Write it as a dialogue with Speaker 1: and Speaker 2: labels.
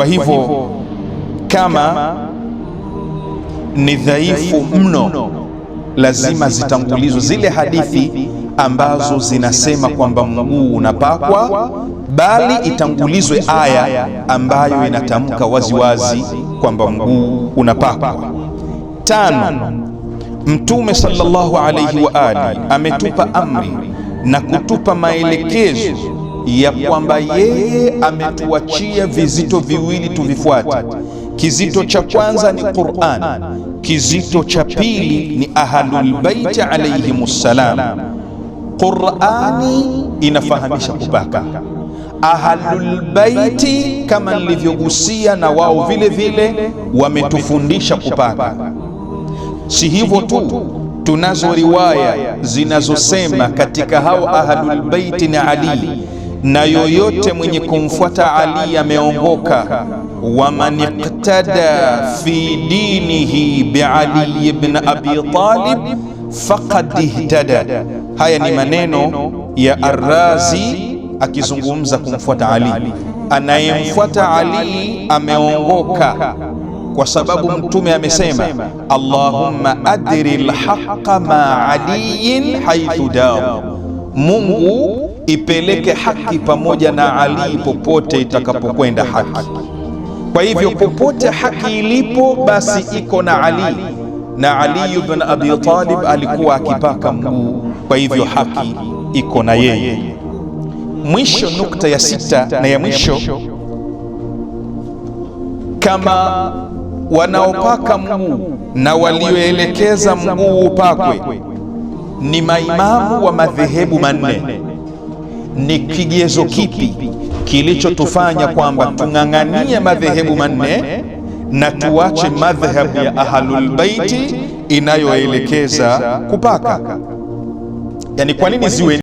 Speaker 1: Kwa hivyo kama ni dhaifu mno, lazima zitangulizwe zile hadithi ambazo zinasema kwamba mguu unapakwa, bali itangulizwe aya ambayo inatamka waziwazi kwamba mguu unapakwa. Tano, Mtume sallallahu alaihi wa ali ametupa amri na kutupa maelekezo ya kwamba yeye ametuachia vizito viwili tuvifuate. Kizito cha kwanza ni Qur'an, kizito cha pili ni Ahlul Bait alayhimus salam. Qur'ani inafahamisha kubaka, Ahlul Bait kama nilivyogusia na wao vile vile wametufundisha kupaka. Si hivyo tu, tunazo riwaya zinazosema katika hao Ahlul Bait ni Ali na yoyote mwenye kumfuata Ali ameongoka. man iqtada fi dinihi Ali ibn abi talib faqad ihtada. Haya ni maneno ya Arrazi akizungumza kumfuata Ali. Anayemfuata Ali ameongoka, kwa sababu Mtume amesema, Allahumma adri lhaqa ma aliyin haithu daru, Mungu ipeleke haki pamoja na Ali popote itakapokwenda haki. Kwa hivyo popote haki ilipo, basi iko na Ali, na Ali ibn Abi Talib alikuwa akipaka mguu. Kwa hivyo haki iko na yeye. Mwisho, nukta ya sita na ya mwisho, kama wanaopaka mguu na walioelekeza mguu upakwe ni maimamu wa madhehebu manne ni kigezo kipi kilichotufanya kwamba tung'ang'anie madhehebu manne na tuache madhhabu ya Ahlulbaiti inayoelekeza kupaka? Yani kwa nini ziwe